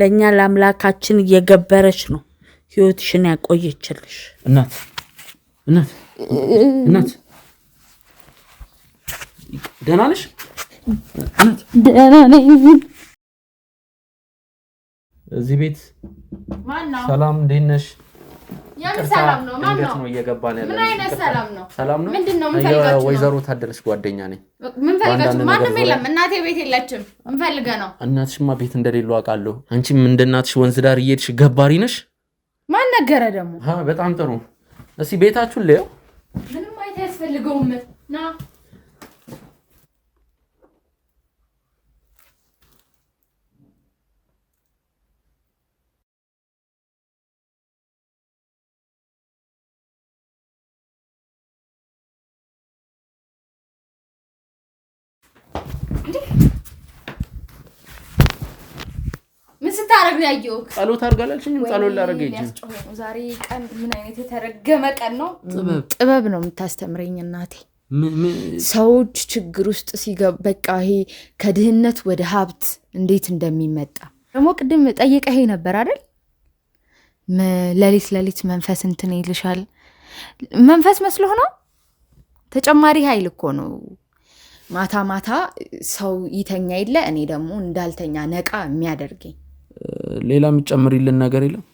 ለእኛ ለአምላካችን እየገበረች ነው ህይወትሽን ያቆየችልሽ። እናት እናት እናት ደህና ነሽ? ደህና ነኝ። እዚህ ቤት ሰላም፣ እንዴት ነሽ? ሰላም ነው። እንዴት ነው እየገባን ያለ? ሰላም ነው? ሰላም ነው። ምንድን ነው ወይዘሮ ታደለች ጓደኛ ነኝ። ምን ማንም የለም። እናቴ ቤት የለችም። ምንፈልገ ነው። እናትሽማ ቤት እንደሌለው አውቃለሁ። አንቺም እንደ እናትሽ ወንዝ ዳር እየሄድሽ ገባሪ ነሽ። ማን ነገረ ደግሞ? በጣም ጥሩ። እስኪ ቤታችሁን ልየው። ምንም አይተ አያስፈልገውም ና ስታደርግ ያየው ጸሎት አድርግ ጸሎት ላደርግ ዛሬ ቀን ምን አይነት የተረገመ ቀን ነው። ጥበብ ነው የምታስተምረኝ እናቴ። ሰዎች ችግር ውስጥ ሲገቡ በቃ ይሄ ከድህነት ወደ ሀብት እንዴት እንደሚመጣ ደግሞ ቅድም ጠይቀ ይሄ ነበር አይደል? ለሊት ለሊት መንፈስ እንትን ይልሻል። መንፈስ መስሎ ነው። ተጨማሪ ኃይል እኮ ነው። ማታ ማታ ሰው ይተኛ የለ እኔ ደግሞ እንዳልተኛ ነቃ የሚያደርገኝ ሌላ የምትጨምሪልን ነገር የለም?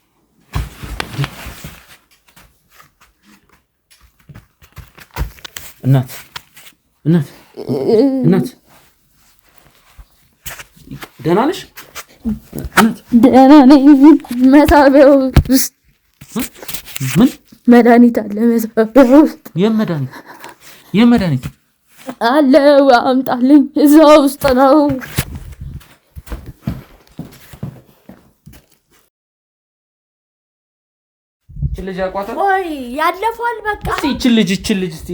እናት እናት እናት ደህና ነሽ? ደህና ነኝ። መሳቢያው ውስጥ ምን መድኃኒት አለ? መሳቢያው ውስጥ የመድኃኒት የመድኃኒት አለ። አምጣልኝ። እዛ ውስጥ ነው። ይችን ልጅ አቋታል ወይ ያለፈዋል። በቃ እስቲ ይችን ልጅ ይችን ልጅ እስቲ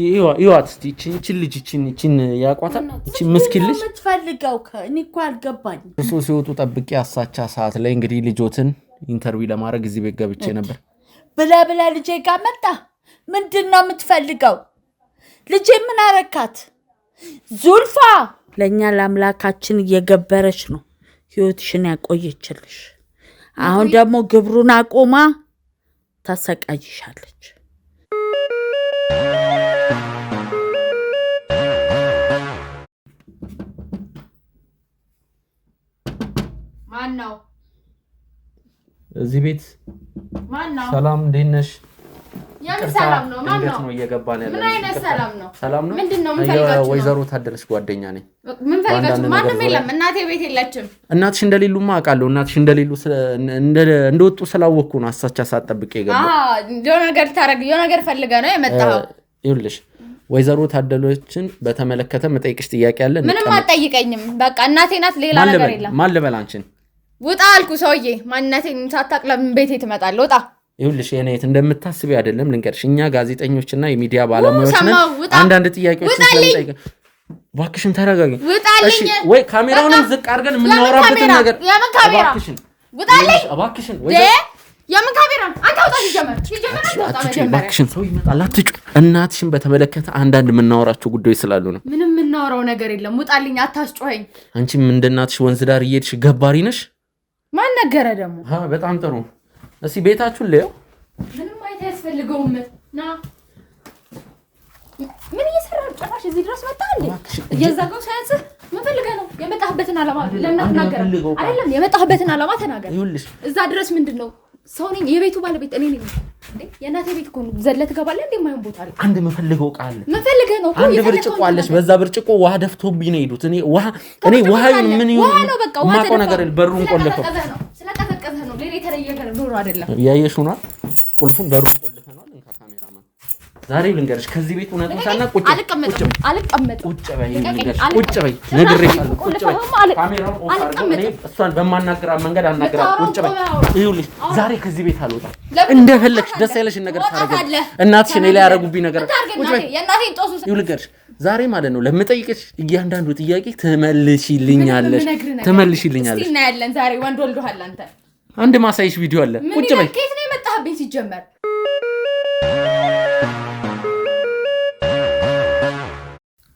ይዋት እስቲ ይችን ልጅ ይችን ይችን ያቋታል። ይችን ምስኪን ልጅ የምትፈልገው እኔ እኮ አልገባኝ። እሱ ሲወጡ ጠብቄ አሳቻ ሰዓት ላይ እንግዲህ ልጆትን ኢንተርቪው ለማድረግ እዚህ ቤት ገብቼ ነበር። ብለ ብለ ልጄ ጋር መጣ። ምንድን ነው የምትፈልገው? ልጄ ምን አረካት? ዙልፋ ለእኛ ለአምላካችን እየገበረች ነው ህይወትሽን ያቆየችልሽ። አሁን ደግሞ ግብሩን አቁማ ታሰቃይሻለች። ማን ነው እዚህ ቤት? ማን ነው? ሰላም እንዴት ነሽ? ሰላም ነው። እንዴት ነው እየገባን ሰላም ነው? ሰላም ነው። ምንድን ነው የምፈልጋችሁ? ወይዘሮ ታደለች ጓደኛ ነኝ። ምን ፈልጋችሁ? ማንም የለም። እናቴ ቤት የለችም። እናትሽ እንደሌሉማ አውቃለሁ። እናትሽ እንደሌሉ እንደወጡ ስላወቅኩ ነው አሳቻ ሳጠብቅ የገባሁ። የሆነ ነገር ልታደርግ የሆነ ነገር ፈልገ ነው የመጣኸው። ይኸውልሽ ወይዘሮ ታደሎችን በተመለከተ መጠይቅሽ ጥያቄ አለ። ምንም አጠይቀኝም፣ በቃ እናቴ ናት። ሌላ ነገር የለም። ማን ልበል አንቺን? ውጣ አልኩ። ሰውዬ ማንነቴን ሳታቅ ለምን ቤቴ ትመጣለህ? ውጣ ይሁልሽ የኔት እንደምታስቢ አይደለም። ልንገርሽ እኛ ጋዜጠኞችና የሚዲያ ባለሙያዎች ነን። አንዳንድ ጥያቄዎች እባክሽን ተረጋጊ። ወይ ካሜራውንም ዝቅ አድርገን የምናወራበትን ነገር የምን እባክሽን ሰው ይመጣል። አትጩ። እናትሽን በተመለከተ አንዳንድ የምናወራቸው ጉዳዮች ስላሉ ነው። ምንም የምናወራው ነገር የለም። ውጣልኝ፣ አታስጮኸኝ። አንቺም እንደ እናትሽ ወንዝ ዳር እየሄድሽ ገባሪ ነሽ። ማን ነገረ ደግሞ? በጣም ጥሩ እስኪ ቤታችሁን ልየው። ምንም ማየት አያስፈልገውም። ና ምን እየሰራ ጨራሽ እዚህ ድረስ መጣ እንዴ? እየዛገው ሳያንስ ምን ፈልገህ ነው? የመጣህበትን ዓላማ ለምን አትናገር? አይደለም የመጣህበትን ዓላማ ተናገር። ይኸውልሽ እዛ ድረስ ምንድን ነው? ሰው ነኝ፣ የቤቱ ባለቤት እኔ ነኝ። የእናቴ ቤት እኮ ዘለ ትገባለህ እንዴ? የማይሆን ቦታ ላይ አንድ የምፈልገው ዕቃ አለ። የምፈልገህ ነው አንድ ብርጭቆ አለች። በዛ ብርጭቆ ውሃ ደፍቶብኝ ነው የሄዱት። እኔ ውሃ እኔ ውሃ ምን ይሁን ማቆ ነገር በሩን ቆልፈው ቆለፈው እያየሽ ሆኗል። ቁልፉን በሩን ቆልፈናል። እንካ ዛሬ ልንገርሽ ከዚህ ቤት እውነት መሳና ቁጭ ቁጭ በይ ልንገርሽ፣ ቁጭ በይ ቁጭ በይ እሷን በማናገራ መንገድ አናገራ ቁጭ በይ ይኸውልሽ፣ ዛሬ ከዚህ ቤት አልወጣም። እንደፈለግሽ ደስ ያለሽን ነገር ታደርጊያለሽ። እናትሽ እኔ ላይ ያረጉብኝ ነገር ቁጭ በይ ልንገርሽ ዛሬ ማለት ነው ለምጠይቅሽ እያንዳንዱ ጥያቄ ትመልሽልኛለሽ፣ ትመልሽልኛለሽ። አንድ ማሳይሽ ቪዲዮ አለ። ቁጭ በይ። ከየት ነው የመጣህብኝ? ሲጀመር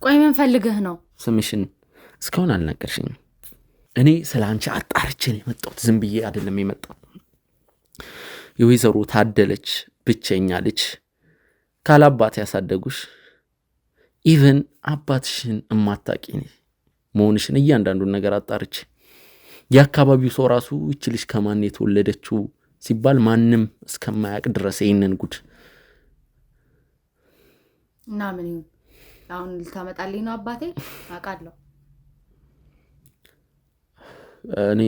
ቆይ ምን ፈልገህ ነው? ስምሽን እስካሁን አልነገርሽኝም። እኔ ስለ አንቺ አጣርቼ ነው የመጣሁት። ዝም ብዬ አይደለም የመጣው የወይዘሮ ታደለች ብቸኛ ልጅ ካላባት ያሳደጉሽ ኢቨን አባትሽን እማታቂ መሆንሽን እያንዳንዱን ነገር አጣርቼ የአካባቢው ሰው ራሱ ይች ልጅ ከማን የተወለደችው ሲባል ማንም እስከማያውቅ ድረስ ይህንን ጉድ እና ምን አሁን ልታመጣልኝ ነው? አባቴ አውቃለሁ። እኔ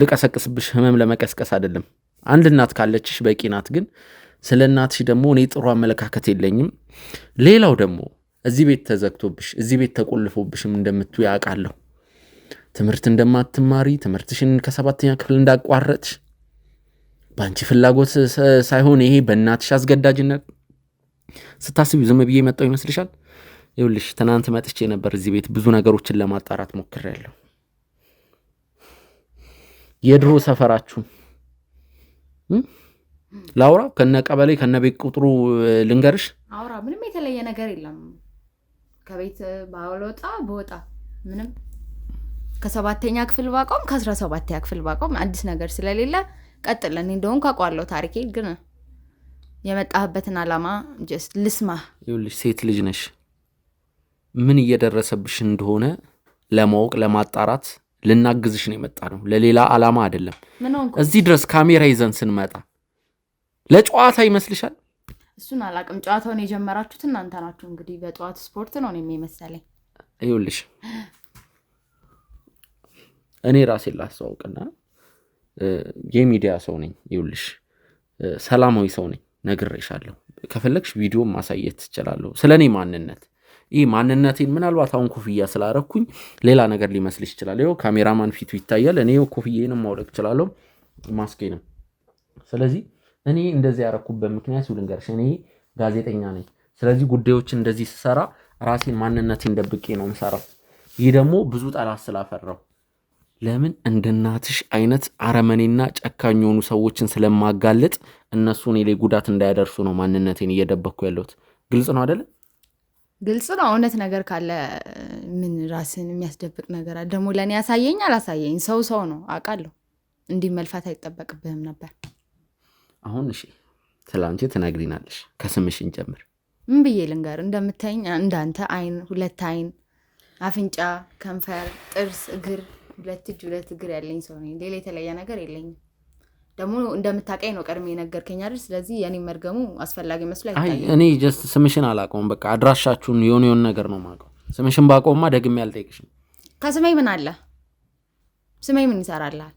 ልቀሰቅስብሽ ህመም ለመቀስቀስ አይደለም። አንድ እናት ካለችሽ በቂ ናት። ግን ስለ እናትሽ ደግሞ እኔ ጥሩ አመለካከት የለኝም። ሌላው ደግሞ እዚህ ቤት ተዘግቶብሽ እዚህ ቤት ተቆልፎብሽም እንደምትው ያውቃለሁ። ትምህርት እንደማትማሪ ትምህርትሽን ከሰባተኛ ክፍል እንዳቋረጥሽ በአንቺ ፍላጎት ሳይሆን ይሄ በእናትሽ አስገዳጅነት ስታስቢ ዝም ብዬ መጣው ይመስልሻል? ይኸውልሽ ትናንት መጥቼ ነበር እዚህ ቤት ብዙ ነገሮችን ለማጣራት ሞክሬያለሁ። የድሮ ሰፈራችሁ ላውራ ከነ ቀበሌ ከነ ቤት ቁጥሩ ልንገርሽ። አውራ ምንም የተለየ ነገር የለም። ከቤት ባልወጣ በወጣ ምንም ከሰባተኛ ክፍል ባቆም ከአስራ ሰባተኛ ክፍል ባቆም አዲስ ነገር ስለሌለ ቀጥለን እንደሁም ካቋለው ታሪኬ ግን የመጣህበትን አላማ ጀስት ይኸውልሽ ሴት ልጅ ነሽ፣ ምን እየደረሰብሽ እንደሆነ ለማወቅ ለማጣራት ልናግዝሽ ነው የመጣ ነው። ለሌላ አላማ አይደለም። እዚህ ድረስ ካሜራ ይዘን ስንመጣ ለጨዋታ ይመስልሻል? እሱን አላቅም። ጨዋታውን የጀመራችሁት እናንተ ናችሁ። እንግዲህ በጠዋት ስፖርት ነው እኔም ይኸውልሽ እኔ ራሴን ላስተዋውቅና የሚዲያ ሰው ነኝ፣ ይውልሽ ሰላማዊ ሰው ነኝ ነግሬሻለሁ። ከፈለግሽ ቪዲዮ ማሳየት ትችላለሁ ስለ እኔ ማንነት። ይህ ማንነቴን ምናልባት አሁን ኮፍያ ስላረኩኝ ሌላ ነገር ሊመስል ይችላል። ይኸው ካሜራማን ፊቱ ይታያል። እኔ ኮፍዬንም ማውለቅ እችላለሁ፣ ማስኬንም። ስለዚህ እኔ እንደዚህ ያረኩበት ምክንያት ልንገርሽ፣ እኔ ጋዜጠኛ ነኝ። ስለዚህ ጉዳዮችን እንደዚህ ስሰራ ራሴን ማንነቴን ደብቄ ነው ምሰራው። ይህ ደግሞ ብዙ ጠላት ስላፈራው ለምን እንደ እናትሽ አይነት አረመኔና ጨካኝ የሆኑ ሰዎችን ስለማጋለጥ እነሱ እኔ ላይ ጉዳት እንዳያደርሱ ነው ማንነቴን እየደበኩ ያለሁት። ግልጽ ነው አደለ? ግልጽ ነው። እውነት ነገር ካለ ምን ራስን የሚያስደብቅ ነገር አለ? ደግሞ ለእኔ ያሳየኝ አላሳየኝ ሰው ሰው ነው አውቃለሁ። እንዲህ መልፋት አይጠበቅብህም ነበር። አሁን እሺ፣ ስለ አንቺ ትነግሪናለሽ። ከስምሽን ጀምር። ምን ብዬ ልንገር? እንደምታይኝ እንዳንተ አይን፣ ሁለት አይን፣ አፍንጫ፣ ከንፈር፣ ጥርስ፣ እግር ሁለት እጅ ሁለት እግር ያለኝ ሰው ነኝ። ሌላ የተለየ ነገር የለኝም። ደግሞ እንደምታውቀኝ ነው ቀድሜ የነገርከኝ አይደል? ስለዚህ የኔ መድገሙ አስፈላጊ መስሎ አይታየኝም። እኔ ጀስት ስምሽን አላውቀውም። በቃ አድራሻችሁን የሆነ የሆነ ነገር ነው የማውቀው። ስምሽን ባውቀውማ ደግሜ አልጠይቅሽም። ከስሜ ምን አለ? ስሜ ምን ይሰራልሃል?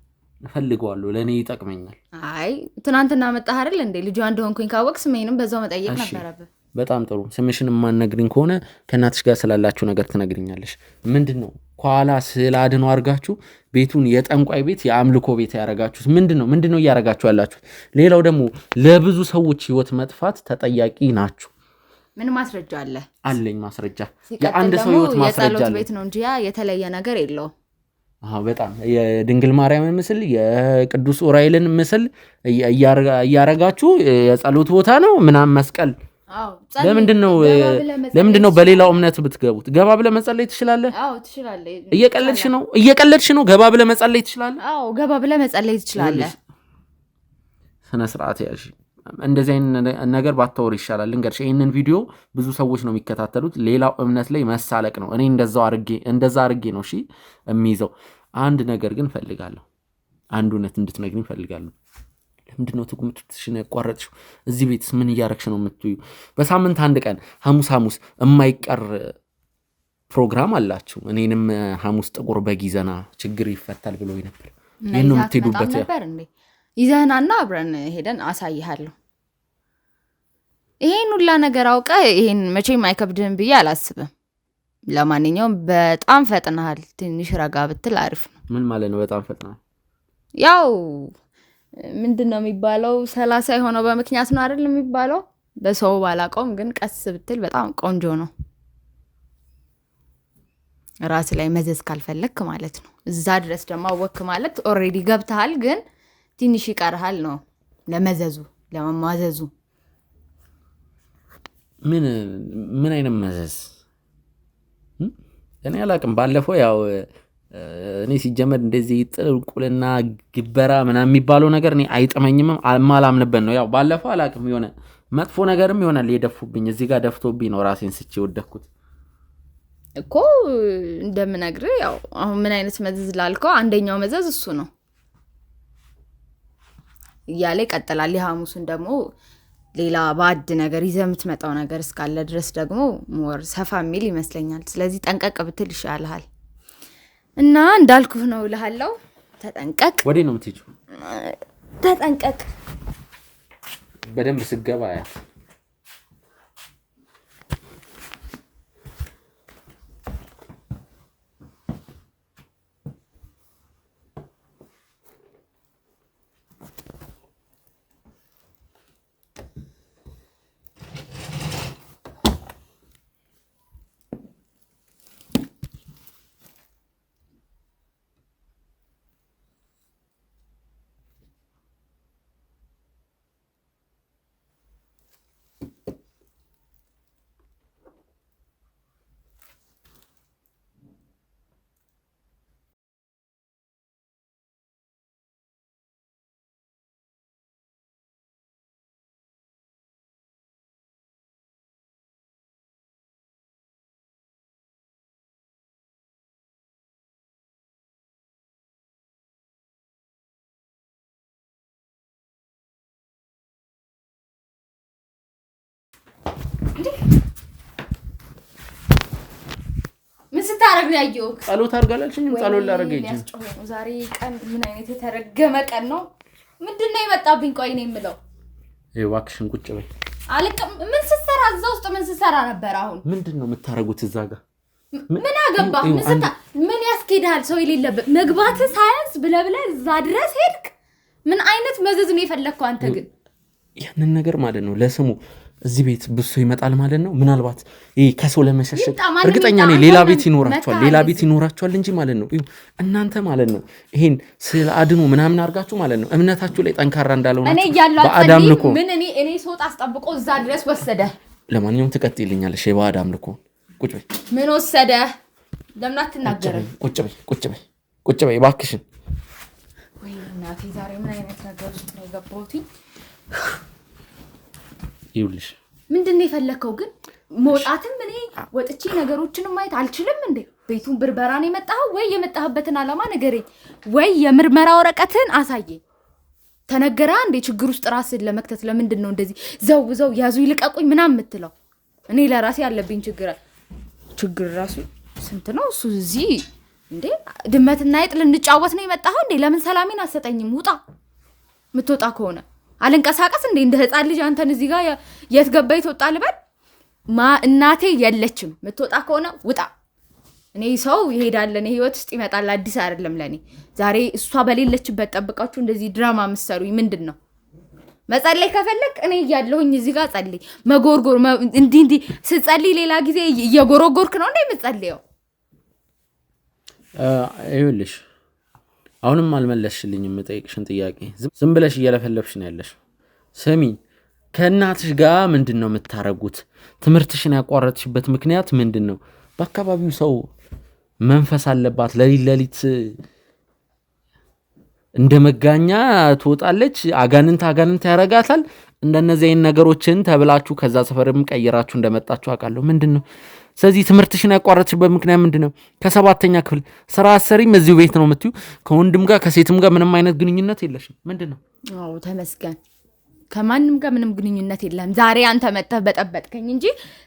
እፈልገዋለሁ፣ ለእኔ ይጠቅመኛል። አይ ትናንትና መጣህ አይደል እንዴ? ልጇ እንደሆንኩኝ ካወቅ ስሜንም በዛው መጠየቅ ነበረብህ። በጣም ጥሩ። ስምሽን የማነግሪኝ ከሆነ ከእናትሽ ጋር ስላላችሁ ነገር ትነግሪኛለሽ። ምንድን ነው ከኋላ ስዕል አድኖ አድርጋችሁ ቤቱን የጠንቋይ ቤት የአምልኮ ቤት ያደረጋችሁት ምንድን ነው? ምንድን ነው እያደረጋችሁ ያላችሁት? ሌላው ደግሞ ለብዙ ሰዎች ህይወት መጥፋት ተጠያቂ ናችሁ። ምን ማስረጃ አለ? አለኝ ማስረጃ። የአንድ ሰው ህይወት ማስረጃ ቤት ነው እንጂ ያ የተለየ ነገር የለውም። በጣም የድንግል ማርያምን ምስል የቅዱስ ዑራኤልን ምስል እያረጋችሁ የጸሎት ቦታ ነው ምናምን መስቀል ለምንድን ነው ለምንድን ነው በሌላው እምነት ብትገቡት? ገባ ብለህ መጸለይ ትችላለህ። እየቀለድሽ ነው እየቀለድሽ ነው። ገባ ብለህ መጸለይ ትችላለህ። ገባ ብለህ መጸለይ ትችላለህ። ስነ ስርዓት ያዥ። እንደዚህ አይነት ነገር ባታወር ይሻላል። ልንገርሽ፣ ይህንን ቪዲዮ ብዙ ሰዎች ነው የሚከታተሉት። ሌላው እምነት ላይ መሳለቅ ነው። እኔ እንደዛው አርጌ እንደዛ አርጌ ነው እሺ የሚይዘው። አንድ ነገር ግን ፈልጋለሁ፣ አንድ እውነት እንድትነግሪኝ ፈልጋለሁ። ለምንድነው ትጉምትሽን ያቋረጥሽው? እዚህ ቤትስ ምን እያረግሽ ነው የምትዩ? በሳምንት አንድ ቀን ሐሙስ ሐሙስ የማይቀር ፕሮግራም አላችሁ። እኔንም ሐሙስ ጥቁር በግ ይዘና ችግር ይፈታል ብሎ ነበር። ይህን ነው የምትሄዱበት ይዘህናና አብረን ሄደን አሳይሃለሁ። ይሄን ሁላ ነገር አውቀ ይሄን መቼም አይከብድህም ብዬ አላስብም። ለማንኛውም በጣም ፈጥናሃል። ትንሽ ረጋ ብትል አሪፍ ነው። ምን ማለት ነው በጣም ፈጥናል? ያው ምንድን ነው የሚባለው ሰላሳ የሆነው በምክንያት ነው አይደል የሚባለው። በሰው ባላቀውም ግን ቀስ ብትል በጣም ቆንጆ ነው። ራስ ላይ መዘዝ ካልፈለግክ ማለት ነው። እዛ ድረስ ደግሞ አወክ ማለት ኦሬዲ ገብተሃል፣ ግን ትንሽ ይቀርሃል ነው ለመዘዙ ለመማዘዙ። ምን ምን አይነት መዘዝ እኔ አላቅም። ባለፈው ያው እኔ ሲጀመር እንደዚህ ጥልቁልና ግበራ ምናምን የሚባለው ነገር እኔ አይጥመኝም፣ አማላምንበት ነው። ያው ባለፈው አላቅም የሆነ መጥፎ ነገርም ይሆናል የደፉብኝ፣ እዚህ ጋር ደፍቶብኝ ነው ራሴን ስቼ ወደኩት እኮ እንደምነግር። ያው አሁን ምን አይነት መዘዝ ላልከው አንደኛው መዘዝ እሱ ነው እያለ ይቀጥላል። የሐሙሱን ደግሞ ሌላ በአድ ነገር ይዘህ የምትመጣው ነገር እስካለ ድረስ ደግሞ ሞር ሰፋ የሚል ይመስለኛል። ስለዚህ ጠንቀቅ ብትል ይሻልሃል። እና እንዳልኩህ ነው እልሃለሁ። ተጠንቀቅ። ወዴት ነው የምትሄጂው? ተጠንቀቅ። በደንብ ስገባ አያት ስታደርግ ነው ያየሁት። ጸሎት አድርጋላችሁኝ ጸሎት ላደርግ ሂጅ። ዛሬ ቀን ምን አይነት የተረገመ ቀን ነው? ምንድን ነው የመጣብኝ? ቆይ ነው የምለው። እባክሽን ቁጭ በይ። አልቅም። ምን ስትሰራ እዛ ውስጥ ምን ስትሰራ ነበር? አሁን ምንድን ነው የምታረጉት እዛ ጋር? ምን አገባ? ምን ያስኬድሃል? ሰው የሌለበት መግባት ሳያንስ ብለህ ብለህ እዛ ድረስ ሄድክ። ምን አይነት መዘዝ ነው የፈለግከው አንተ? ግን ያንን ነገር ማለት ነው ለስሙ እዚህ ቤት ብሶ ይመጣል ማለት ነው። ምናልባት ይሄ ከሰው ለመሸሸግ እርግጠኛ ነኝ ሌላ ቤት ይኖራቸዋል፣ ሌላ ቤት ይኖራቸዋል እንጂ ማለት ነው እናንተ ማለት ነው ይሄን ስለ አድኖ ምናምን አድርጋችሁ ማለት ነው እምነታችሁ ላይ ጠንካራ እንዳልሆናችሁ በአዳም ልኮ ምን እኔ እኔ ሰውጥ አስጠብቆ እዛ ድረስ ወሰደ። ለማንኛውም ትቀጥይልኛለሽ። በአዳም ልኮ ቁጭ በይ። ምን ወሰደ? ለምን አትናገርም? ቁጭ በይ፣ ቁጭ በይ፣ ቁጭ በይ እባክሽን። ወይ እናቴ ዛሬ ምን አይነት ነገር ውስጥ ነው የገባሁት? ይኸውልሽ ምንድን ነው የፈለከው? ግን መውጣትም እኔ ወጥቼ ነገሮችንም ማየት አልችልም እንዴ? ቤቱን ብርበራ ነው የመጣኸው? ወይ የመጣህበትን አላማ ንገረኝ፣ ወይ የምርመራ ወረቀትን አሳየኝ። ተነገረ እንዴ? ችግር ውስጥ ራስን ለመክተት ለምንድን ነው እንደዚህ ዘው ዘው ያዙ ይልቀቁኝ ምናምን የምትለው? እኔ ለራሴ ያለብኝ ችግር ችግር ራሱ ስንት ነው እሱ። እዚህ እንዴ ድመትና የጥ ልንጫወት ነው የመጣኸው እንዴ? ለምን ሰላሜን አሰጠኝም? ውጣ የምትወጣ ከሆነ አልንቀሳቀስ እንዴ እንደ ህፃን ልጅ አንተን እዚህ ጋር የት ገባ ትወጣ ልበል? ማ እናቴ የለችም። የምትወጣ ከሆነ ውጣ። እኔ ሰው ይሄዳለን ህይወት ውስጥ ይመጣል፣ አዲስ አይደለም ለእኔ። ዛሬ እሷ በሌለችበት ጠብቃችሁ እንደዚህ ድራማ ምሰሩ ምንድን ነው? መጸለይ ከፈለግ እኔ እያለሁኝ እዚህ ጋር ጸልይ። መጎርጎር እንዲህ እንዲህ ስጸልይ ሌላ ጊዜ እየጎረጎርክ ነው እንደ የምጸልየው ይኸውልሽ አሁንም አልመለስሽልኝ የምጠይቅሽን ጥያቄ። ዝም ብለሽ እየለፈለፍሽ ነው ያለሽ። ስሚ ከእናትሽ ጋር ምንድን ነው የምታረጉት? ትምህርትሽን ያቋረጥሽበት ምክንያት ምንድን ነው? በአካባቢው ሰው መንፈስ አለባት። ለሊት ለሊት እንደ መጋኛ ትወጣለች። አጋንንት አጋንንት ያረጋታል። እንደነዚህ ነገሮችን ተብላችሁ ከዛ ሰፈርም ቀይራችሁ እንደመጣችሁ አውቃለሁ። ምንድን ነው ስለዚህ ትምህርትሽን ያቋረጥሽበት ምክንያት ምንድን ነው? ከሰባተኛ ክፍል ስራ አሰሪም እዚሁ ቤት ነው የምትዩ። ከወንድም ጋር ከሴትም ጋር ምንም አይነት ግንኙነት የለሽም። ምንድን ነው? አዎ ተመስገን፣ ከማንም ጋር ምንም ግንኙነት የለም። ዛሬ አንተ መጠህ በጠበጥከኝ እንጂ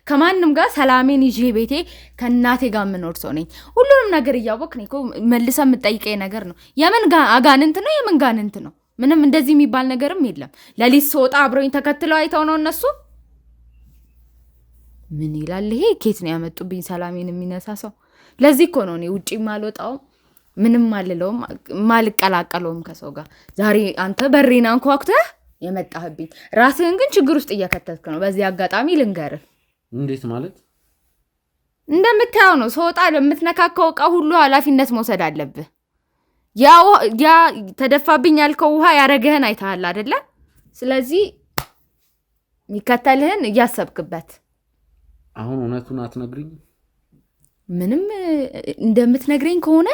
ከማንም ጋር ሰላሜን ይዤ ቤቴ ከእናቴ ጋር የምኖር ሰው ነኝ። ሁሉንም ነገር እያወቅ እኮ መልሰ የምጠይቀኝ ነገር ነው። የምን አጋንንት ነው? የምን ጋንንት ነው? ምንም እንደዚህ የሚባል ነገርም የለም። ለሊት ስወጣ አብረኝ ተከትለው አይተው ነው እነሱ ምን ይላል ይሄ? ኬት ነው ያመጡብኝ? ሰላሜን የሚነሳ ሰው። ለዚህ እኮ ነው እኔ ውጭ ማልወጣውም ምንም አልለውም ማልቀላቀለውም ከሰው ጋር። ዛሬ አንተ በሬን አንኳኩተ የመጣህብኝ፣ ራስህን ግን ችግር ውስጥ እየከተትክ ነው። በዚህ አጋጣሚ ልንገርህ። እንዴት ማለት እንደምታየው ነው። ሰወጣ ለምትነካከው እቃ ሁሉ ኃላፊነት መውሰድ አለብህ። ያ ተደፋብኝ ያልከው ውሃ ያረገህን አይተሃል አደለ? ስለዚህ የሚከተልህን እያሰብክበት አሁን እውነቱን አትነግሪኝ? ምንም እንደምትነግረኝ ከሆነ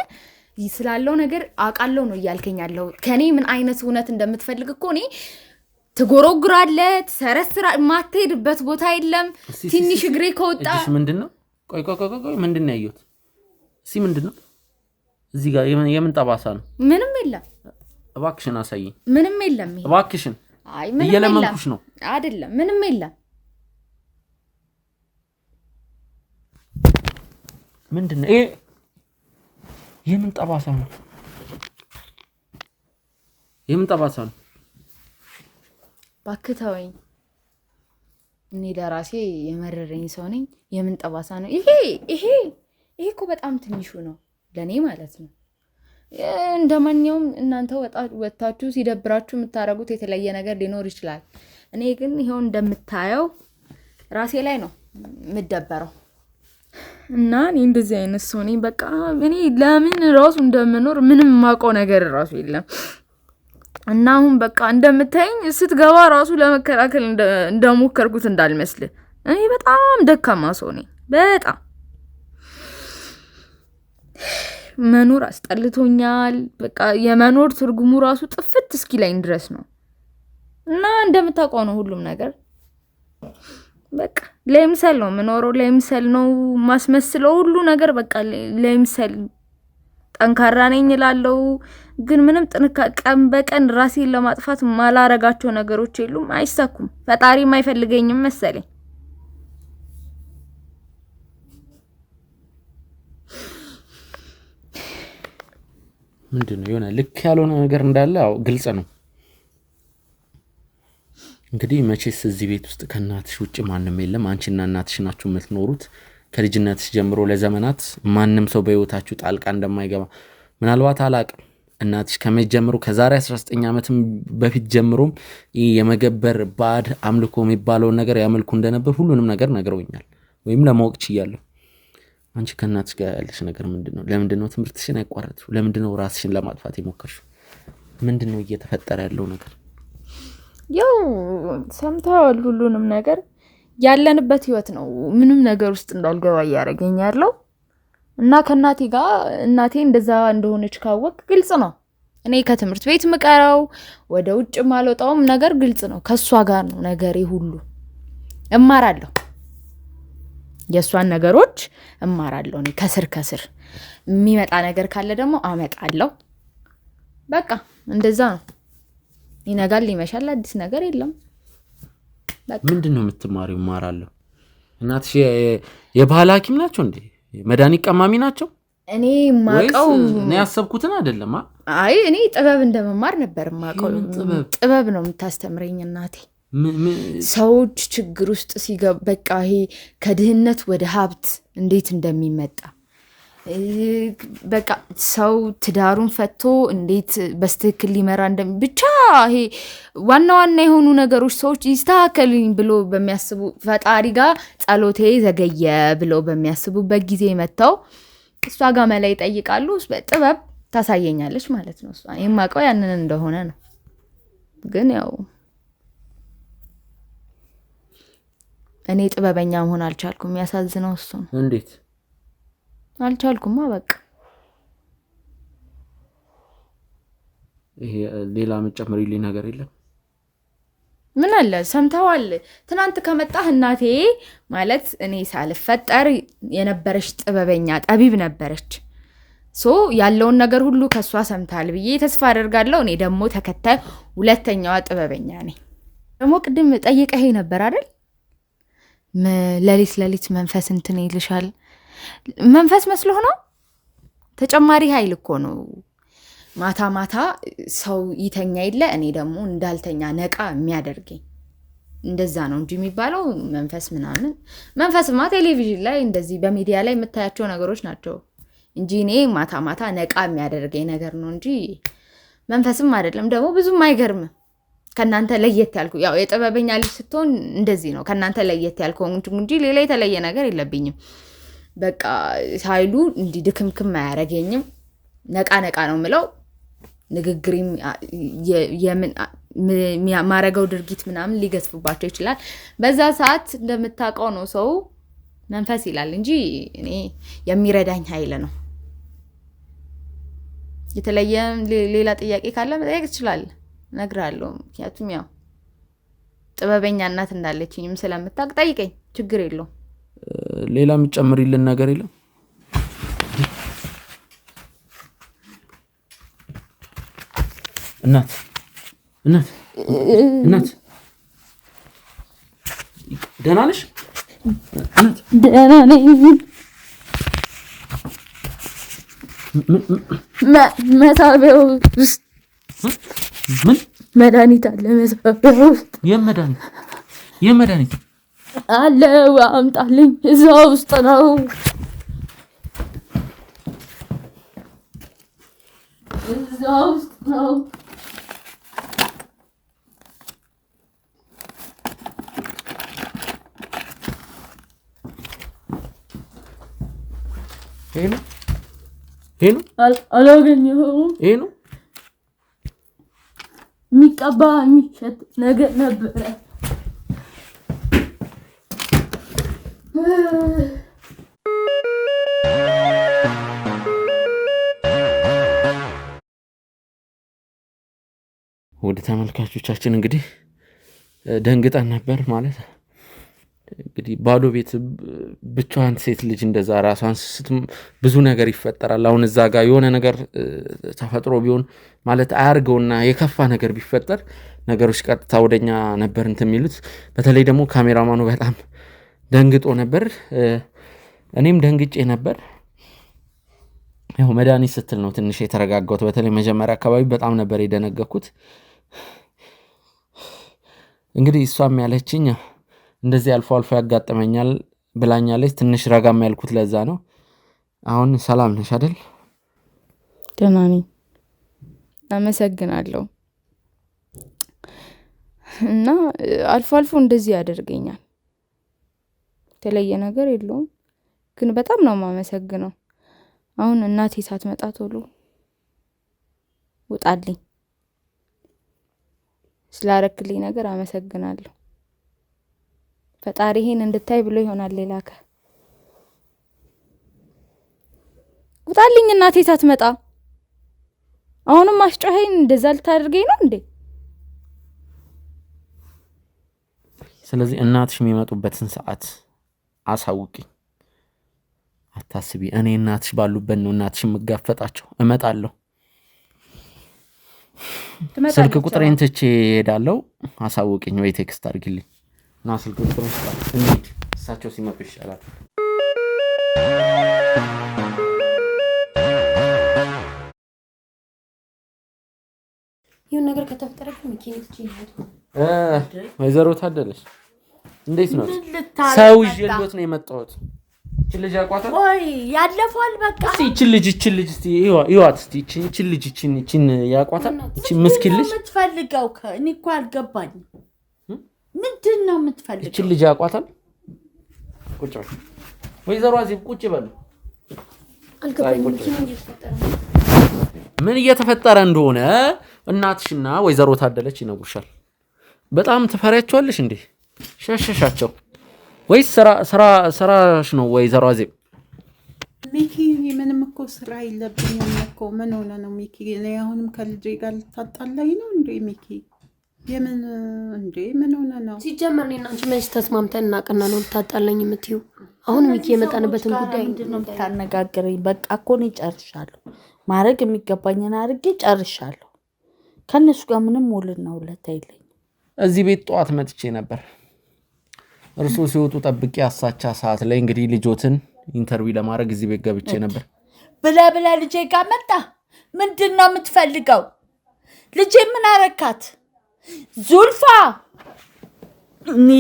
ስላለው ነገር አውቃለሁ ነው እያልከኝ ያለው። ከኔ ምን አይነት እውነት እንደምትፈልግ እኮ እኔ ትጎረጉራለ፣ ትሰረስራ፣ ማትሄድበት ቦታ የለም። ትንሽ እግሬ ከወጣ ምንድን ነው? ቆይ ቆይ ቆይ፣ ምንድን ነው ያየሁት? እስኪ ምንድን ነው እዚህ ጋር የምን ጠባሳ ነው? ምንም የለም። እባክሽን አሳይኝ። ምንም የለም። እባክሽን፣ እየለመንኩሽ ነው። አይደለም፣ ምንም የለም። ምንድን ነው ይሄ? የምን ጠባሳ ነው? የምን ጠባሳ ነው? እባክህ ተወኝ። እኔ ለራሴ የመረረኝ ሰው ነኝ። የምን ጠባሳ ነው ይሄ? ይሄ ይሄ እኮ በጣም ትንሹ ነው ለእኔ ማለት ነው። እንደ ማንኛውም እናንተ ወጥታችሁ ሲደብራችሁ የምታደርጉት የተለየ ነገር ሊኖር ይችላል። እኔ ግን ይኸው እንደምታየው ራሴ ላይ ነው የምደበረው። እና እኔ እንደዚህ አይነት ሰው ነኝ። በቃ እኔ ለምን ራሱ እንደምኖር ምንም የማውቀው ነገር ራሱ የለም። እና አሁን በቃ እንደምታይኝ ስትገባ ራሱ ለመከላከል እንደሞከርኩት እንዳልመስል እኔ በጣም ደካማ ሰው ነኝ። በጣም መኖር አስጠልቶኛል። በቃ የመኖር ትርጉሙ ራሱ ጥፍት እስኪ ላይ ድረስ ነው እና እንደምታውቀው ነው ሁሉም ነገር በቃ ለምሰል ነው የምኖረው፣ ለምሰል ነው ማስመስለው ሁሉ ነገር በቃ ለምሰል ጠንካራ ነኝ እላለሁ። ግን ምንም ጥንካ ቀን በቀን ራሴን ለማጥፋት ማላረጋቸው ነገሮች የሉም፣ አይሳኩም። ፈጣሪም አይፈልገኝም መሰለኝ። ምንድን ነው የሆነ ልክ ያልሆነ ነገር እንዳለ ግልጽ ነው። እንግዲህ መቼስ እዚህ ቤት ውስጥ ከእናትሽ ውጭ ማንም የለም። አንቺና እናትሽ ናችሁ የምትኖሩት ከልጅነትሽ ጀምሮ ለዘመናት። ማንም ሰው በህይወታችሁ ጣልቃ እንደማይገባ ምናልባት አላቅም። እናትሽ ከመቼ ጀምሮ ከዛሬ 19 ዓመትም በፊት ጀምሮም የመገበር ባድ አምልኮ የሚባለውን ነገር ያመልኩ እንደነበር ሁሉንም ነገር ነግረውኛል፣ ወይም ለማወቅ ችያለሁ። አንቺ ከእናትሽ ጋር ያለሽ ነገር ምንድነው ለምንድነው ትምህርትሽን ያቋረጥሽው? ለምንድነው ራስሽን ለማጥፋት የሞከርሽ ምንድነው እየተፈጠረ ያለው ነገር? ያው ሰምተዋል ሁሉንም ነገር ያለንበት ህይወት ነው ምንም ነገር ውስጥ እንዳልገባ እያደረገኝ ያለው እና ከእናቴ ጋር እናቴ እንደዛ እንደሆነች ካወቅ ግልጽ ነው። እኔ ከትምህርት ቤት ምቀረው ወደ ውጭ ማልወጣውም ነገር ግልጽ ነው። ከእሷ ጋር ነው ነገሬ ሁሉ። እማራለሁ፣ የእሷን ነገሮች እማራለሁ። እኔ ከስር ከስር የሚመጣ ነገር ካለ ደግሞ አመጣለሁ። በቃ እንደዛ ነው። ይነጋል ይመሻል፣ አዲስ ነገር የለም። ምንድን ነው የምትማሪው? እማራለሁ። እናትሽ የባህል ሐኪም ናቸው እንዴ? መድኃኒት ቀማሚ ናቸው? እኔ ማቀው እኔ ያሰብኩትን አይደለም። አይ እኔ ጥበብ እንደመማር ነበር ማቀው። ጥበብ ነው የምታስተምረኝ እናቴ። ሰዎች ችግር ውስጥ ሲገ በቃ ይሄ ከድህነት ወደ ሀብት እንዴት እንደሚመጣ በቃ ሰው ትዳሩን ፈቶ እንዴት በስትክክል ሊመራ እንደ ብቻ ይሄ ዋና ዋና የሆኑ ነገሮች ሰዎች ይስተካከልኝ ብሎ በሚያስቡ ፈጣሪ ጋር ጸሎቴ ዘገየ ብለው በሚያስቡበት ጊዜ መጥተው እሷ ጋር መላ ይጠይቃሉ። ጥበብ ታሳየኛለች ማለት ነው። የማውቀው ያንን እንደሆነ ነው። ግን ያው እኔ ጥበበኛ መሆን አልቻልኩም። የሚያሳዝነው እሱ ነው። እንዴት አልቻልኩማ በቃ ይሄ ሌላ የምትጨምሪልኝ ነገር የለም? ምን አለ ሰምተዋል። ትናንት ከመጣህ እናቴ ማለት እኔ ሳልፈጠር የነበረች ጥበበኛ ጠቢብ ነበረች። ሶ ያለውን ነገር ሁሉ ከእሷ ሰምታል ብዬ ተስፋ አደርጋለሁ። እኔ ደግሞ ተከታይ ሁለተኛዋ ጥበበኛ ነኝ። ደግሞ ቅድም ጠይቀህ ነበር አይደል? ለሊት ለሊት መንፈስ እንትን ይልሻል መንፈስ መስሎህ ነው። ተጨማሪ ኃይል እኮ ነው። ማታ ማታ ሰው ይተኛ የለ እኔ ደግሞ እንዳልተኛ ነቃ የሚያደርገኝ እንደዛ ነው እንጂ የሚባለው መንፈስ ምናምን። መንፈስማ ቴሌቪዥን ላይ እንደዚህ በሚዲያ ላይ የምታያቸው ነገሮች ናቸው እንጂ እኔ ማታ ማታ ነቃ የሚያደርገኝ ነገር ነው እንጂ መንፈስም አይደለም። ደግሞ ብዙም አይገርምም። ከእናንተ ለየት ያልኩ ያው የጥበበኛ ልጅ ስትሆን እንደዚህ ነው። ከእናንተ ለየት ያልኩ እንጂ ሌላ የተለየ ነገር የለብኝም። በቃ ኃይሉ እንዲህ ድክምክም አያረገኝም። ነቃ ነቃ ነው ምለው ንግግሪም ማረገው ድርጊት ምናምን ሊገዝፍባቸው ይችላል። በዛ ሰዓት እንደምታውቀው ነው ሰው መንፈስ ይላል እንጂ እኔ የሚረዳኝ ኃይል ነው። የተለየ ሌላ ጥያቄ ካለ መጠየቅ ትችላለህ፣ እነግርሃለሁ። ምክንያቱም ያው ጥበበኛ እናት እንዳለችኝም ስለምታውቅ ጠይቀኝ፣ ችግር የለውም። ሌላ የሚጨምሪልን ነገር የለም? እናት እናት እናት ደህና ነሽ? እናት ደህና ነኝ። መሳቢያው ውስጥ ምን መድኃኒት አለ? መሳቢያው ውስጥ የመድኃኒት የመድኃኒት አለው አምጣልኝ። እዛ ውስጥ ነው። እዛ ውስጥ ነው። ይሄ ነው ይሄ ነው። ይሄ ነው የሚቀባ የሚሸጥ ነገር ነበረ። ወደ ተመልካቾቻችን እንግዲህ ደንግጠን ነበር ማለት እንግዲህ ባዶ ቤት ብቻዋን ሴት ልጅ እንደዛ ራሷን ብዙ ነገር ይፈጠራል። አሁን እዛ ጋር የሆነ ነገር ተፈጥሮ ቢሆን ማለት አያርገውና የከፋ ነገር ቢፈጠር ነገሮች ቀጥታ ወደኛ ነበር እንትን የሚሉት። በተለይ ደግሞ ካሜራማኑ በጣም ደንግጦ ነበር። እኔም ደንግጬ ነበር። ያው መድኃኒት ስትል ነው ትንሽ የተረጋጋሁት። በተለይ መጀመሪያ አካባቢ በጣም ነበር የደነገኩት። እንግዲህ እሷም ያለችኝ እንደዚህ አልፎ አልፎ ያጋጥመኛል ብላኛለች። ትንሽ ረጋም ያልኩት ለዛ ነው። አሁን ሰላም ነሽ አደል? ደህና ነኝ፣ አመሰግናለሁ። እና አልፎ አልፎ እንደዚህ ያደርገኛል የተለየ ነገር የለውም። ግን በጣም ነው የማመሰግነው። አሁን እናቴ ሳትመጣ ቶሎ ውጣልኝ። ስላረክልኝ ነገር አመሰግናለሁ። ፈጣሪ ይሄን እንድታይ ብሎ ይሆናል ሌላከ ውጣልኝ እናቴ ሳትመጣ። አሁንም አስጮኸኝ። እንደዛ ልታደርገኝ ነው እንዴ? ስለዚህ እናትሽ የሚመጡበትን ሰዓት አሳውቂኝ። አታስቢ፣ እኔ እናትሽ ባሉበት ነው እናትሽ የምጋፈጣቸው። እመጣለሁ። ስልክ ቁጥሬን ትቼ እሄዳለሁ። አሳውቂኝ ወይ ቴክስት አድርጊልኝ እና ስልክ ቁጥሬን እንሂድ፣ እሳቸው ሲመጡ ይሻላል። ይሁን ነገር ከተፈጠረ ወይዘሮ ታደለች እንዴት ነው ሰው ይዤልዎት ነው የመጣሁት። ይህችን ልጅ ወይ ያለፈዋል በቃ ይህችን ልጅ ይህችን ልጅ እስኪ ይዋት እስኪ ይህችን ልጅ ይህችን ይህችን ያውቋታል። ይህችን ምስኪን ልጅ የምትፈልገው እኔ እኮ አልገባኝም። ምንድን ነው የምትፈልገው? ይህችን ልጅ ያውቋታል። ቁጭ በል ወይዘሮ አዜብ ቁጭ በሉ። ምን እየተፈጠረ እንደሆነ እናትሽና ወይዘሮ ታደለች ይነግሩሻል። በጣም ትፈሪያቸዋለሽ እንዴ? ሸሸሻቸው ወይስ ስራሽ ነው ወይ ዘሯዜም? ሚኪ ምንም እኮ ስራ የለብኝም እኮ። ምን ሆነ ነው ሚኪ? እኔ አሁንም ከልጄ ጋር ልታጣላኝ ነው እንዴ ሚኪ? የምን እንዴ ምን ሆነ ነው? ሲጀመር እኔ እና አንቺ መች ተስማምተን እናቀና ነው ልታጣላኝ የምትይው? አሁን ሚኪ የመጣንበትን ጉዳይ ምንድነው በቃ እኮ እኔ ጨርሻለሁ። ማድረግ የሚገባኝን አድርጌ ጨርሻለሁ። ከእነሱ ጋር ምንም ውልና ውለታ የለኝም። እዚህ ቤት ጠዋት መጥቼ ነበር እርሱ ሲወጡ ጠብቄ አሳቻ ሰዓት ላይ እንግዲህ ልጆትን ኢንተርቪው ለማድረግ እዚህ ቤት ገብቼ ነበር። ብላ ብላ ልጄ ጋር መጣ። ምንድን ነው የምትፈልገው? ልጄ ምን አረካት? ዙልፋ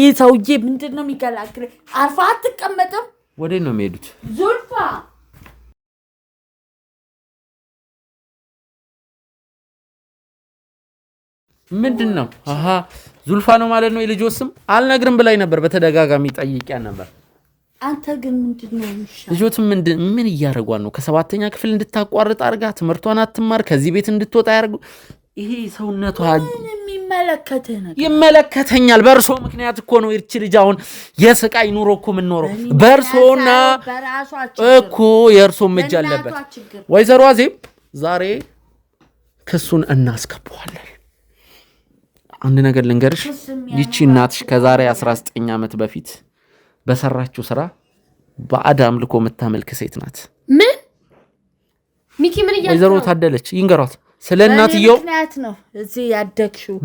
ይህ ሰውዬ ምንድን ነው የሚገላግል? አርፋ አትቀመጥም። ወዴት ነው የሚሄዱት? ምንድን ነው ዙልፋ ነው ማለት ነው የልጆ ስም አልነግርም ብላኝ ነበር በተደጋጋሚ ጠይቂያ ነበር አንተ ግን ምንድነው ምንድን ምን እያደረጓን ነው ከሰባተኛ ክፍል እንድታቋርጥ አርጋ ትምህርቷን አትማር ከዚህ ቤት እንድትወጣ ያደርጉ ይሄ ሰውነቷ ይመለከተኛል በእርሶ ምክንያት እኮ ነው ይህች ልጅ አሁን የስቃይ ኑሮ እኮ የምንኖረው በእርሶና እኮ የእርሶም እጅ አለበት ወይዘሮ አዜብ ዛሬ ክሱን እናስገባዋለን አንድ ነገር ልንገርሽ፣ ይቺ እናትሽ ከዛሬ 19 ዓመት በፊት በሰራችው ስራ ባዕድ አምልኮ የምታመልክ ሴት ናት። ምን ሚኪ፣ ምን እያልክ ወይዘሮ ታደለች ይንገሯት ስለ እናትየው ምክንያት ነው እዚህ ያደግሽው፣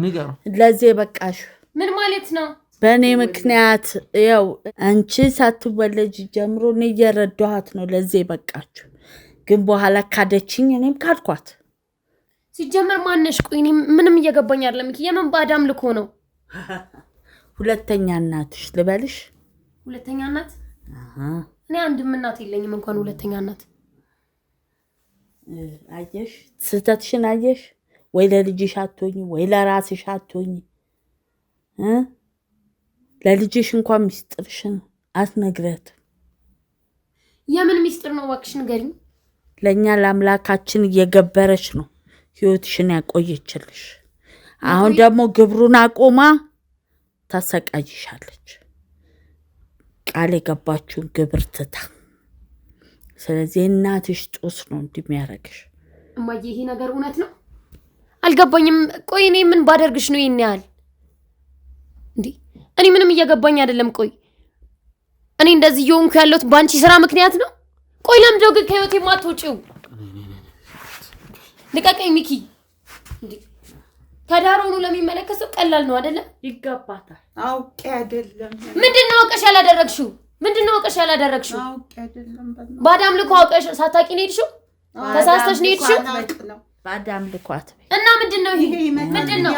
ለዚህ የበቃሽው ምን ማለት ነው? በእኔ ምክንያት ያው አንቺ ሳትወለጅ ጀምሮ እኔ እየረዳኋት ነው ለዚህ የበቃችሁ። ግን በኋላ ካደችኝ፣ እኔም ካድኳት። ሲጀመር ማነሽ? ቆይ ምንም እየገባኝ አይደለም። የምን ባዕድ አምልኮ ነው? ሁለተኛ እናትሽ ልበልሽ? ሁለተኛ እናት? እኔ አንድም እናት የለኝም፣ እንኳን ሁለተኛ እናት። አየሽ፣ ስህተትሽን አየሽ ወይ? ለልጅሽ አትሆኝ ወይ ለራስሽ አትሆኝ። ለልጅሽ እንኳን ሚስጥርሽን አትነግረት። የምን ሚስጥር ነው እባክሽ ንገሪኝ። ለእኛ ለአምላካችን እየገበረች ነው ህይወትሽን ያቆየችልሽ። አሁን ደግሞ ግብሩን አቁማ ታሰቃይሻለች፣ ቃል የገባችውን ግብር ትታ። ስለዚህ እናትሽ ጦስ ነው እንደሚያደርግሽ። እማዬ፣ ይሄ ነገር እውነት ነው አልገባኝም። ቆይ እኔ ምን ባደርግሽ ነው ይሄን ያህል? እንዴ እኔ ምንም እየገባኝ አይደለም። ቆይ እኔ እንደዚህ እየሆንኩ ያለሁት በአንቺ ስራ ምክንያት ነው። ቆይ ለምንድነው ግን ከህይወት የማትወጪው? ልቀቀኝ ሚኪ። ተዳሮ ነው ለሚመለከት ሰው ቀላል ነው አይደለም? ይገባታል። አውቄ አይደለም። ምንድን ነው አውቀሽ ያላደረግሽው? ምንድን ነው አውቀሽ ያላደረግሽው? አውቄ አይደለም። ባዳም ልኮ አውቀሽ ሳታቂ ነው የሄድሽው? ተሳስተሽ ነው የሄድሽው? ባዳም ልኮ አትበይ። እና ምንድን ነው ይሄ? ምንድን ነው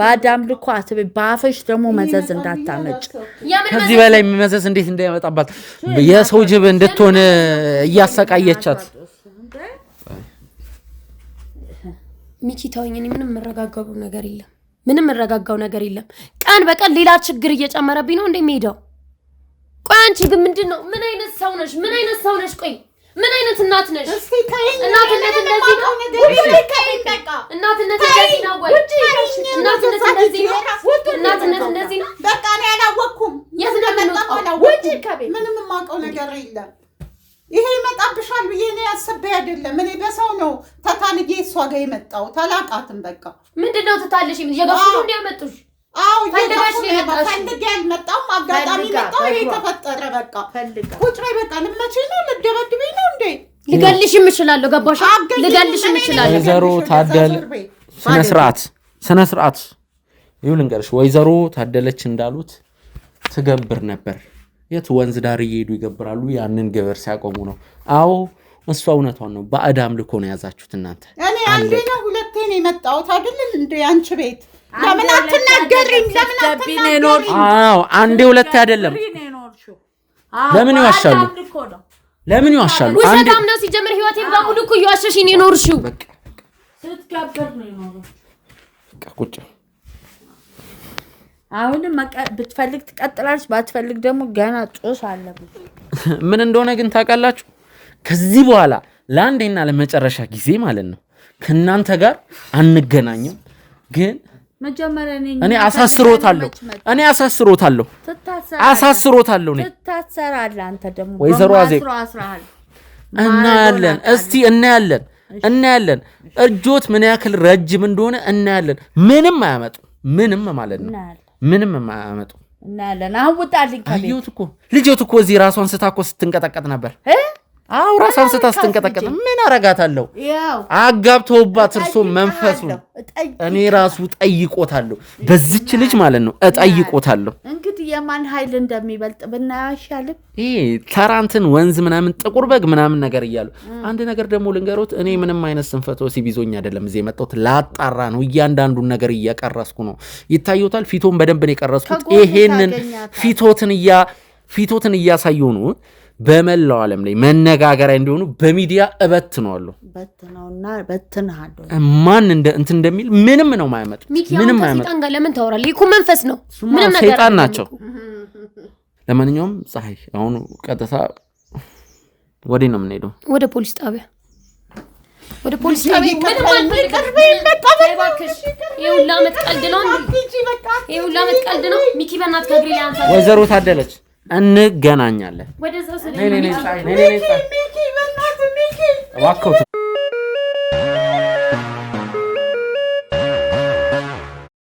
ባዳም ልኮ አትበይ። በአፈሽ ደግሞ መዘዝ እንዳታመጭ። ከዚህ በላይ መዘዝ እንዴት እንዳይመጣባት የሰው ጅብ እንድትሆን እያሰቃየቻት ሚኪ ተወኝ። እኔ ምንም የምረጋጋው ነገር የለም። ምንም የምረጋጋው ነገር የለም። ቀን በቀን ሌላ ችግር እየጨመረብኝ ነው እንደ የሚሄደው። ቆይ አንቺ ግን ምንድን ነው? ምን አይነት ሰው ነሽ? ምን አይነት ሰው ነሽ? ቆይ ምን አይነት እናት ነሽ? እናትነት እንደዚህ ነው? የመጣው ተላቃትም በቃ ምንድነው ትታለሽ? እየገፉ ነው እንዲያመጡሽ አዎ ፈልገሽ ፈልጌ አልመጣሁም። አጋጣሚ መጣሁ። ይሄ ተፈጠረ። በቃ ቁጭ በይ። በቃ ልመቼ ነው ልደበድበኝ ነው እንዴ? ልገልሽም እችላለሁ። ገባሽ? ልገልሽም እችላለሁ። ወይዘሮ ታደል ስነ ስርዓት ስነ ስርዓት ይሁን ልንገርሽ። ወይዘሮ ታደለች እንዳሉት ትገብር ነበር። የት ወንዝ ዳር እየሄዱ ይገብራሉ። ያንን ግብር ሲያቆሙ ነው። አዎ እሷ እውነቷን ነው። ባዕድ አምልኮ ነው የያዛችሁት እናንተ። እኔ አንዴ ነው ሁለቴ ነው የመጣሁት አይደል እንደ አንቺ ቤት ለምን አትናገሪም? ለምን አትናገሪም? አዎ አንዴ ሁለቴ አይደለም። ለምን ይዋሻሉ? ለምን ይዋሻሉ? ውሸታም ነው ሲጀምር። ህይወቴን በሙሉ እኮ እየዋሸሽ ነው የኖርሽው። ቁጭ አሁንም ብትፈልግ ትቀጥላለች፣ ባትፈልግ ደግሞ ገና ጦስ አለብን። ምን እንደሆነ ግን ታውቃላችሁ ከዚህ በኋላ ለአንዴና ለመጨረሻ ጊዜ ማለት ነው ከእናንተ ጋር አንገናኝም። ግን እኔ አሳስሮታለሁ እኔ አሳስሮታለሁ አሳስሮታለሁ ወይዘሮ አዜብ እናያለን። እስቲ እናያለን እናያለን እጆት ምን ያክል ረጅም እንደሆነ እናያለን። ምንም አያመጡ ምንም ማለት ነው ምንም አያመጡ እናያለን። አሁን ውጣልኝ። ልጆት እኮ ልጆት እኮ እዚህ ራሷን ስታ እኮ ስትንቀጠቀጥ ነበር። አዎ ራሷን ስታስጠንቀጠቀጥ ምን አረጋታለሁ? አጋብተውባት እርሶ መንፈሱ እኔ ራሱ ጠይቆታለሁ፣ በዚች ልጅ ማለት ነው እጠይቆታለሁ። እንግዲህ የማን ኃይል እንደሚበልጥ ብናየው አይሻልም? ይሄ ተራንትን ወንዝ ምናምን ጥቁር በግ ምናምን ነገር እያሉ አንድ ነገር ደግሞ ልንገሮት፣ እኔ ምንም አይነት ስንፈቶ ወሲብ አይደለም እዚህ የመጣሁት ላጣራ ነው። እያንዳንዱን ነገር እየቀረስኩ ነው። ይታዩታል፣ ፊቶን በደንብ ነው የቀረስኩት። ይሄንን ፊቶትን እያ ፊቶትን እያሳየው ነው በመላው ዓለም ላይ መነጋገሪያ እንዲሆኑ በሚዲያ እበት ነው አሉ ማን እንትን እንደሚል ምንም ነው ማያመጥ ምንም ማያመጥ ጋር ለምን ታወራለህ? ይኩ መንፈስ ነው። ምንም ነገር ሰይጣን ናቸው። ለማንኛውም ፀሐይ፣ አሁኑ ቀጥታ ወዴ ነው የምንሄደው? ወደ ፖሊስ ጣቢያ ወደ ፖሊስ ጣቢያ ምንም አልቀርበ የሁላ ዓመት ቀልድ ነው። የሁላ ዓመት ነው። ሚኪ በእናትህ ከእግሬ ላይ አንሳ። ወይዘሮ ታደለች እንገናኛለን።